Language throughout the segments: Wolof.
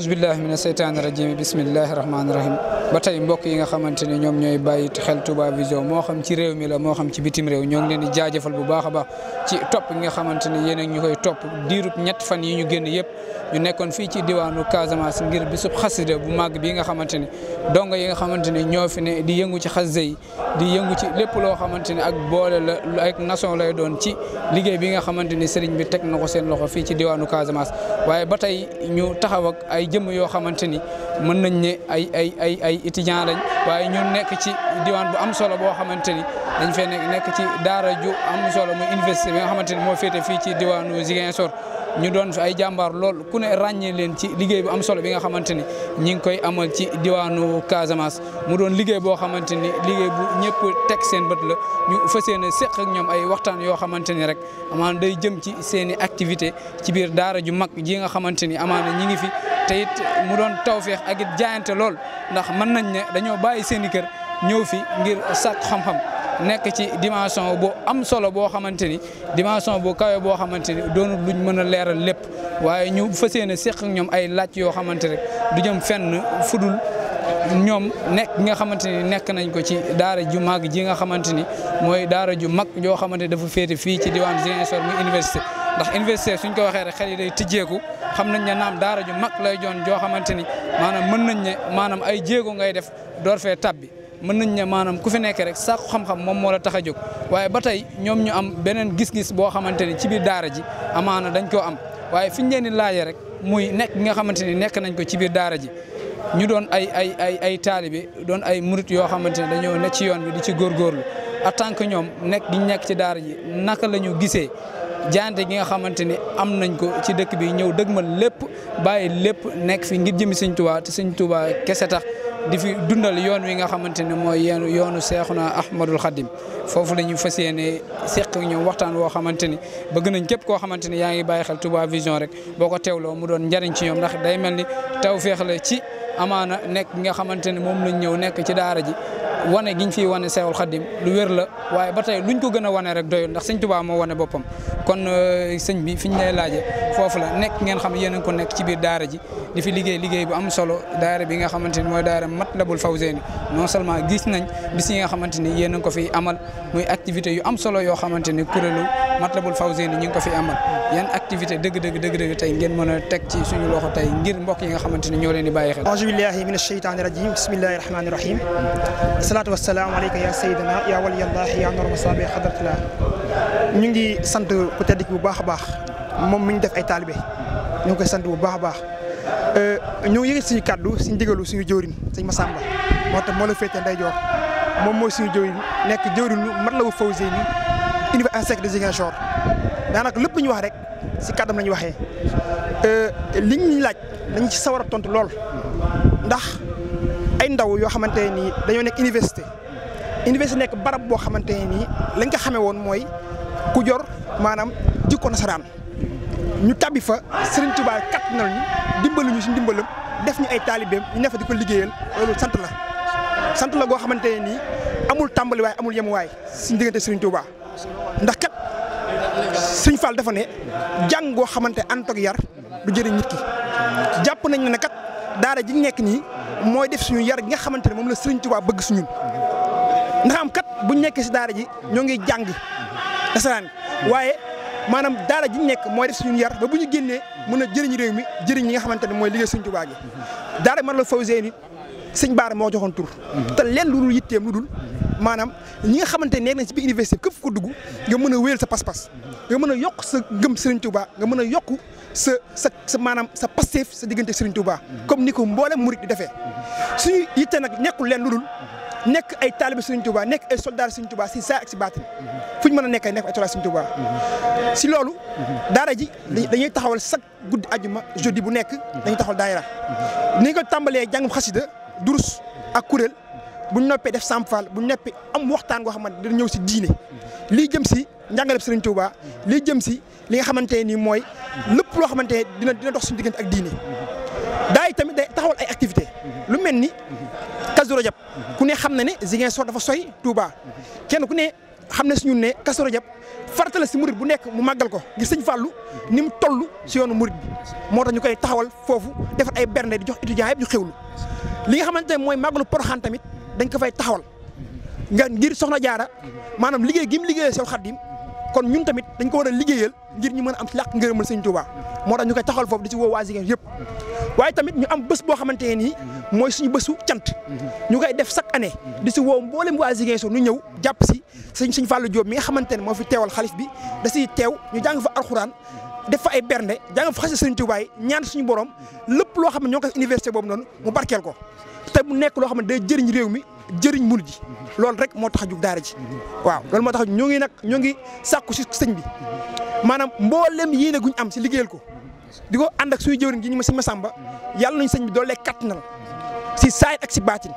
aousubillah min asheytaani irajim bismillahi rahmaani rahim ba tey mbokk yi nga xamante ne ñoom ñooy bàyyi xel Touba Vision moo xam ci réew mi la moo xam ci bitim réew ñoo ngi leen di jaajëfal bu baax a baax ci topp nga xamante ne yéen ñu koy topp diirub ñett fan yi ñu génn yëpp ñu nekkoon fii ci diwaanu Casamance ngir bisub xasida bu màgg bi nga xamante ne dongo yi nga xamante ne ñoo fi ne di yëngu ci xasida yi di yëngu ci lépp loo xamante ne ak boole la ak nation lay doon ci liggéey bi nga xamante ne sëriñ bi teg na ko seen loxo fii ci diwaanu Casamance waaye ba tey taxaw ak ay jëmm yoo xamante ni mën nañ ne ay ay ay ay étudiants lañ waaye ñu nekk ci diwaan bu am solo boo xamante ni dañ fee nekk ci daara ju am solo muy université bi nga xamante ni moo féete fii ci diwaanu Ziguinchor ñu doon ay jàmbaar lool ku ne ràññee leen ci liggéey bu am solo bi nga xamante ni ñi ngi koy amal ci diwaanu Casamance mu doon liggéey boo xamante ni liggéey bu ñëpp teg seen bët la ñu fas yéene seq ak ñoom ay waxtaan yoo xamante ni rek amaan day jëm ci seen i activité ci biir daara ju mag ji nga xamante ni amaana ñi ngi fi te it mu doon tawféex ak it jaayante lool ndax mën nañ ne dañoo bàyyi seen i kër ñëw fi ngir sàkk xam-xam nekk ci dimension bu am solo boo xamante ni dimension bu boo xamante ni doonu luñ mën a leeral lépp waaye ñëw fas yéene seq ak ñoom ay laaj yoo xamante rek du jëm fenn fudul ñoom nekk nga xamante ni nekk nañ ko ci daara ju mag ji nga xamante ni mooy daara ju mag joo xamante ni dafa féete fii ci diwaan Ziguinchor muy université ndax université suñ ko waxee rek xel yi day tijjeeku xam nañ ne naam daara ju mag lay joon joo xamante ni maanaam mën nañ ne maanaam ay jéego ngay def door fee tabbi mën nañ ne maanaam ku fi nekk rek sàkku xam-xam moom moo la tax a jóg waaye ba tey ñoom ñu am beneen gis-gis boo xamante ni ci biir daara ji amaana dañ koo am waaye fi ñu leen di laajee rek muy nekk nga xamante ni nekk nañ ko ci biir daara ji ñu doon ay ay ay ay taalibe doon ay murit yoo xamante ne dañoo ne ci yoon bi di ci góorgóorlu tant que ñoom nekk gi nekk ci daara ji naka lañu gisee jaante gi nga xamante ni am nañ ko ci dëkk bi ñëw dëgg dëgmal lépp bàyyi lépp nekk fi ngir jëmi sëñ Tuubaa te sëñ Tuubaa kese tax di fi dundal yoon wi nga xamante ne mooy yoonu Seexuna Ahmadul Xadim foofu la ñu fas yéene seq ñoom waxtaan woo xamante ni bëgg nañ képp koo xamante ni yaa ngi bàyyi xel Touba Vision rek boo ko teewloo mu doon njariñ ci ñoom ndax day mel ni taw féex la ci amaana nekk nga xamante ne moom lañ ñëw nekk ci daara ji wane giñ fi wane Seexul Xaddim lu wér la waaye ba tey luñ ko gën a wane rek doyul ndax sëñ Tuubaa moo wane boppam kon euh, sëñ bi fi ñu lay laaje foofu la nekk ngeen xam yéen a ko nekk ci biir daara ji di fi liggéey liggéey bu am solo daara bi nga xamante ni mooy daara Matlabul Fawzeyni non seulement gis nañ bis yi nga xamante ni yéen a ko fiy amal muy activité yu am solo yoo xamante ni kuréelu Matlabul Fawzeyni ñu ngi ko fi amal yan activité dëgg dëgg dëgg dëgg tey ngeen mën a teg ci suñu loxo tey ngir mbokk yi nga xamante ni ñoo leen di bàyyi xel salaatu wassalaamu aleyka yaa sayyidina yaa waliyallah yaa norma saabi xadratillah ñu ngi sant ku tedd bu baax a baax moom mi ñu def ay taalibe ñu ngi koy sant bu baax a baax euh, ñoo ngi yëkkati suñu kàddu suñu digalu suñu jëwriñ sëñ Massamba moo tax moo la féetee nday joor moom mooy suñu jëwriñ nekk jëwriñu Matlaboul Fawzeyni université Cheikh Anta Diop de Ziguinchor daanaka lépp ñu wax rek si kàddam lañu waxee waxee euh, li ñu laaj dañ ci sawar a tontu lool ndax. ay ndaw yoo xamante ne nii dañoo nekk université université nekk barab boo xamante ne nii lañ ko xamee woon mooy ku jor maanaam jikko nasaraan ñu tabbi fa Serigne Touba kattanal ñu dimbalu ñu si ndimbalam def ñu ay taalibeem ñu ne di ko liggéeyal sant la sant la goo xamante ne nii amul tàmbaliwaay amul yemuwaay suñ diggante Serigne Touba ndax kat Serigne Fall dafa ne jàng goo xamante ànd ak yar du jëriñ nit ki jàpp nañ ne kat daara ji nekk nii. mooy def suñu yar gi nga xamante ne moom la Serigne Touba bëgg suñu ndax am kat bu ñu nekkee si daara ji ñoo ngi jàng nasaraan waaye maanaam daara ji ñu nekk mooy def suñu yar ba bu ñu génnee mën a jëriñ réew mi jëriñ li nga xamante ne mooy liggéey Serigne Touba gi daara man la fawsee ni sëñ baar moo joxoon tur te leen lu dul yitteem lu dul maanaam ñi nga xamante ne nekk nañ ci biir université képp ku dugg nga mën a wéyal sa pas-pas nga mën a yokk sa gëm Serigne Touba nga mën a yokk sa sa sa maanaam sa Pastef sa diggante Serigne Touba comme ni ko mboolem murit di defee suñu yitte nag nekkul leen lu dul nekk ay taalibe Serigne Touba nekk ay soldat Serigne Touba si saa ak si baatin fu ñu mën a nekk ay nekk ay soldat Serigne Touba si loolu daara ji dañuy taxawal chaque guddi ajuma jeudi bu nekk dañuy taxawal daayira ni ko tàmbalee jàngum xasida ak kuréel buñ noppee def Samp Fall buñ noppee am waxtaan goo xamante dina ñëw si diine lii jëm si njàngaleb Serigne Touba lii jëm si li nga xamante ne nii mooy lëpp loo xamante ne dina dina dox suñu diggante ak diine daay tamit day taxawal ay activité lu mel ni Kazu Rajab ku ne xam na ne Ziguinchor dafa soy Touba kenn ku ne xam ne suñu ne Kazu Rajab si murid bu nekk mu màggal ko ngir sëñ Fallou ni mu toll si yoonu murid moo tax ñu koy taxawal foofu defar ay bernde di jox étudiants yëpp ñu xewlu li nga xamante ne mooy màggalu Poroxaan tamit dañ ko fay taxawal nga ngir soxna jaara maanaam liggéey gi mu liggéeyee Seex Xaddim kon ñun tamit dañ ko war a liggéeyal ngir ñu mën a am ci làq ngërëmal sëñ Tuubaa moo tax ñu koy taxawal foofu di si woo waa Ziguinchor yëpp waaye tamit ñu am bés boo xamante ne nii mooy suñu bésu cant ñu koy def chaque année di si woo mboolem waa Ziguinchor ñu ñëw jàpp si sëñ sëñ Fallou Diop mi nga xamante ne moo fi teewal xalif bi da siy teew ñu jàng fa alxuraan def fa ay bernde jàng fa xase sëñ Tuubaa ñaan suñu borom lépp loo xam ne ñoo ko université boobu noonu mu barkeel ko te mu nekk loo xam ne day jëriñ réew mi jëriñ munu ji loolu rek moo tax a daara ji waaw loolu moo tax ñu ngi nag ñu ngi sàkku si sëñ bi maanaam mboolem yéene guñ am si liggéeyal ko di ko ànd ak suñu jëwriñ gi ñu ma si Masamba yàlla nañu sëñ bi katt kattanal si saay ak si baatin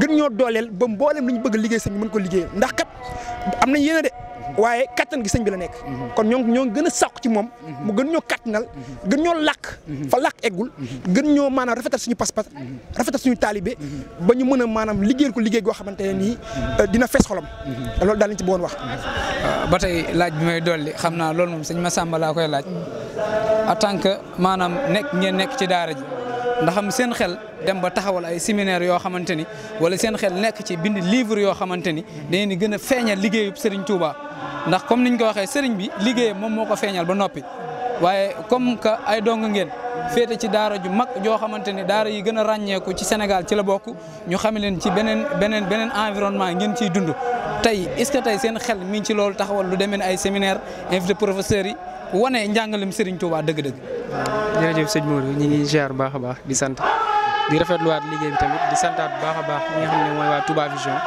gën ñoo dooleel ba mboolem lu ñu bëgg liggéey sëñ bi mën ko liggéeyal ndax kat am nañ yéene de waaye kattan gi sëñ bi la nekk kon ñoo ñoo gën a sàkku ci moom mu gën ñoo kattanal gën ñoo làkk fa làkk eggul gën ñoo maanaam rafetal suñu pas-pas rafetal suñu taalibe ba ñu mën a maanaam liggéeyal ko liggéey goo xamante ne nii euh, dina fees xolam loolu daal lañ ci bëggoon wax euh, ba tey laaj bi may dolli xam naa loolu moom sëñ sàmba laa koy laaj en tant que maanaam nekk ngeen nekk ci daara ji ndax am seen xel dem ba taxawal ay séminaire yoo xamante ni wala seen xel nekk ci bind livre yoo xamante ni dañu ni gën a feeñal liggéeyub Serigne Touba ndax comme niñ ko waxee Serigne bi liggéeyam moom moo ko feeñal ba noppi waaye comme que ay dong ngeen féete ci daara ju mag joo xamante ni daara yi gën a ràññeeku ci Sénégal ci la bokk ñu xam leen ci beneen beneen beneen environnement ngeen ciy dund tey est-ce que tey seen xel mi ngi ci loolu taxawal lu demee ne ay séminaire invité professeurs yi wane njàngalem Serigne Touba dëgg-dëgg waaw jërëjëf sëñ Mourou ñu ngi bu baax a baax di sant di rafetluwaat liggéey bi tamit di santaat bu baax a baax ñi nga xam ne mooy waa Touba Vision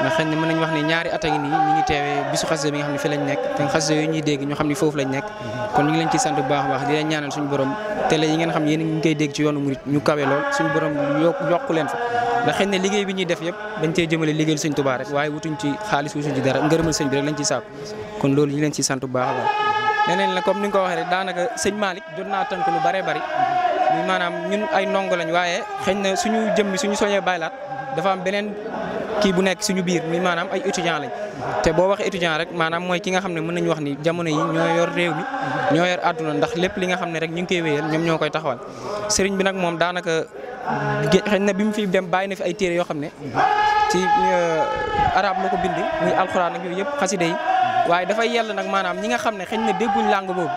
ndax xëy na mën nañu wax ne ñaari at a ngi nii ñu ngi teewee bisu xasida bi nga xam ne fi lañ nekk te xasida yooyu lañ nekk kon ñu ngi leen ciy sant bu baax a baax di leen ñaanal suñu borom télé yi ngeen ci leen fa ndax xëy bi ñuy def yëpp dañ cee jëmale liggéeyal sëñ Touba rek waaye wutuñ ci xaalis wutuñ ci dara ngërëmal sëñ bi rek lañ ciy sàkku kon loolu ñu sant bu baax a baax neneen la comme ni nga ko waxee rek daanaka sëñ maalik jot naa tënk lu bëree bari ñu maanaam ñun ay ndongo lañ waaye xëy na suñu jëmmi suñu soñee baylaat dafa am beneen kii bu nekk suñu biir mii maanaam ay étudiants lañ te boo waxee étudiant rek maanaam mooy ki nga xam ne mën nañu wax nii jamono yi ñoo yor réew mi ñoo yor àdduna ndax lépp li nga xam ne rek ñu ngi koy wéyal ñoom ñoo koy taxawal sëriñ bi nag moom daanaka xëy na bi mu fi dem bàyyi na fi ay téere yoo xam ne ci euh, arab la ko bind muy alxuraan ak yooyu yëpp xasida yi waaye dafa yell nag maanaam ñi nga xam ne xëñ na dégguñ langue boobu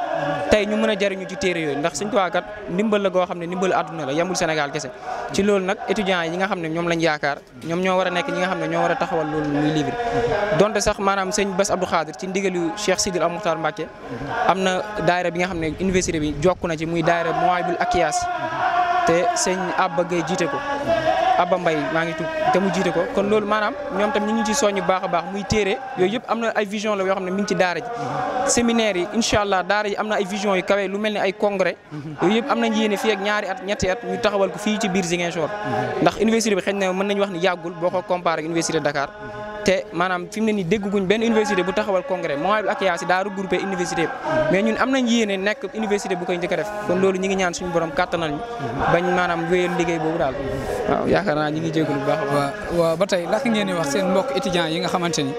tey ñu mën a jariñu ci téere yooyu ndax Sëñ Tuubaa kat ndimbal la goo xam ne ndimbal àdduna la yemul Sénégal kese ci loolu nag étudiants yi nga xam ne ñoom lañ yaakaar ñoom ñoo war a nekk ñi nga xam ne ñoo war a taxawal loolu muy livre donte sax maanaam sëñ bas Abdou Khadir ci ndigalu Cheikh Sidil Al Muxtaar Mbàkke am na daayira bi nga xam ne université bi jokk na ci muy daayira Mouwahiboul Akyaas te sëñ Abba Gaye jiite ko Abba mbay maa ngi tudd te jiite ko kon loolu maanaam ñoom tam ñu ngi ci soññu baax a baax muy téere yooyu yëpp am na ay vision la yoo xam ne mi ni ci daara ji séminaire yi incha allah daara ji am na ay vision yu kawe lu mel ni ay congrès yooyu yëpp am nañ yéene fii ñaari at ñetti at ñu taxawal ko fii ci biir Ziguinchor ndax université bi xëy na mën nañu wax ni yàggul boo ko comparé ak université Dakar te maanaam fi mu ne nii dégguñ benn université bu taxawal congrès Mawahibou Akyasi daa regroupé université yëpp mais ñun am nañ yéene nekk université bu koy njëkk a def kon loolu ñi ngi ñaan suñu borom kàttanal ñu bañ maanaam wéyal liggéey boobu daal waaw yaakaar ngi jégalu bu baax waaw ba tey laka ngeen di wax seen mbokk étudiants yi nga xamante ni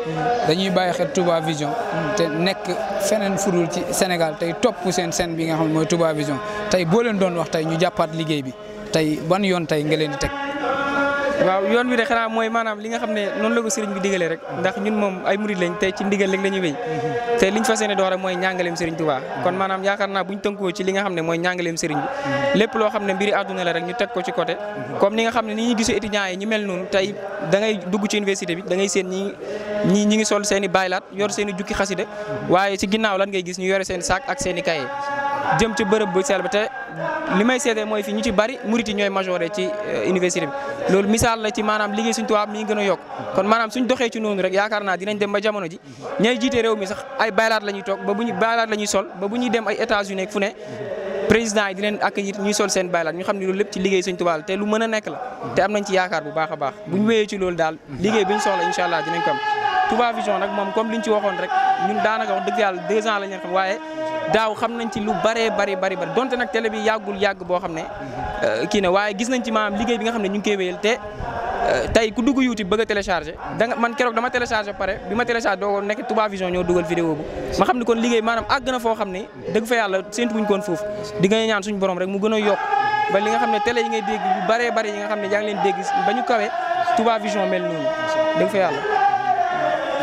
dañuy bàyyi xel Touba Vision mm. te nekk feneen fudul ci Sénégal tey topp seen seen bi nga xam mooy Touba Vision tey boo leen doon wax tey ñu jàppaat liggéey bi tey ban yoon tey nga leen di teg waaw yoon wi de xanaa mooy maanaam li nga xam ne noonu la ko sëriñ bi digalee rek ndax ñun moom ay murid lañ te ci ndigal rek la ñuy wéy te liñ fas yéene doora mooy ñàngaleem sëriñ Tuubaa kon maanaam yaakaar naa buñ tënkoo ci li nga xam ne mooy ñàngaleem sëriñ bi lépp loo xam ne mbiri àdduna la rek ñu teg ko ci côté comme ni nga xam ne ni ñuy gisee étudiants yi ñu mel noonu tey da ngay dugg ci université bi da ngay seen ñi ñi ñi ngi sol seen i baylaat yor seeni i jukki xasida waaye ci ginnaaw lan ngay gis ñu yore seen saak ak seeni i kaye jëm ci bërëb bu sell bi te li may seetee mooy fii ñu ci bari mu yi ñooy majoré ci euh, université bi loolu misaal la ci maanaam liggéey suñ tubaab mi ngi gën a yokk kon maanaam suñ doxee ci noonu rek yaakaar naa dinañ dem ba jamono ji ñay jiite réew mi sax ay baylaat la ñuy toog ba bu ñu baylaat la ñuy sol ba bu ñuy dem ay États-Unis fu ne président yi di leen accueillir ñuy sol seen baylaat ñu xam ne loolu lépp ci liggéey suñ tubaab la te lu mën a nekk la te am nañ ci yaakaar bu baax loolu daal liggéey bi soxla incha allah ko Touba Vision nag moom comme liñ ci waxoon rek ñun daanaka wax dëgg yàlla deux ans la ñu xam waaye daaw xam nañ ci lu bëree bëri bëri boo xam ne euh, kii ne waaye gis nañ ci maanaam liggéey bi nga xam ne ñu ngi koy wéyal euh, ku dugg YouTube bëgg a télécharger da nga man keroog dama télécharger pare bi ma télécharger doo nekk Touba Vision ñoo dugal vidéo bu ma xam ne kon liggéey maanaam àgg na foo xam ne dëgg nga ñaan suñu borom rek mu gën a li nga xam ne télé yi ngay dégg yu bëree bëri yi nga xam ne yaa ngi leen dégg ba ñu kawee Touba Vision mel noonu dëgg fa yàlla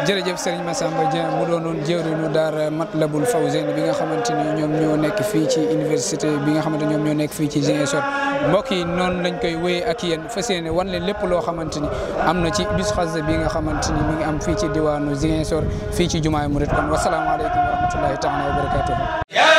jërëjëf Serigne Massamba Dieng mu doonoon jëwriñu daara Matlabul Fawzeyni bi nga xamante ni ñoom ñoo nekk fii ci université bi nga xamante ñoom ñoo nekk fii ci Ziguinchor mbokk yi noonu lañ koy wéyee ak yéen fas yéene wan leen lépp loo xamante ni am na ci bis xasida bi nga xamante ni mi ngi am fii ci diwaanu Ziguinchor fii ci jumaay Murid kon wasalaamaaleykum wa rahmatullahi taala wa barakatuh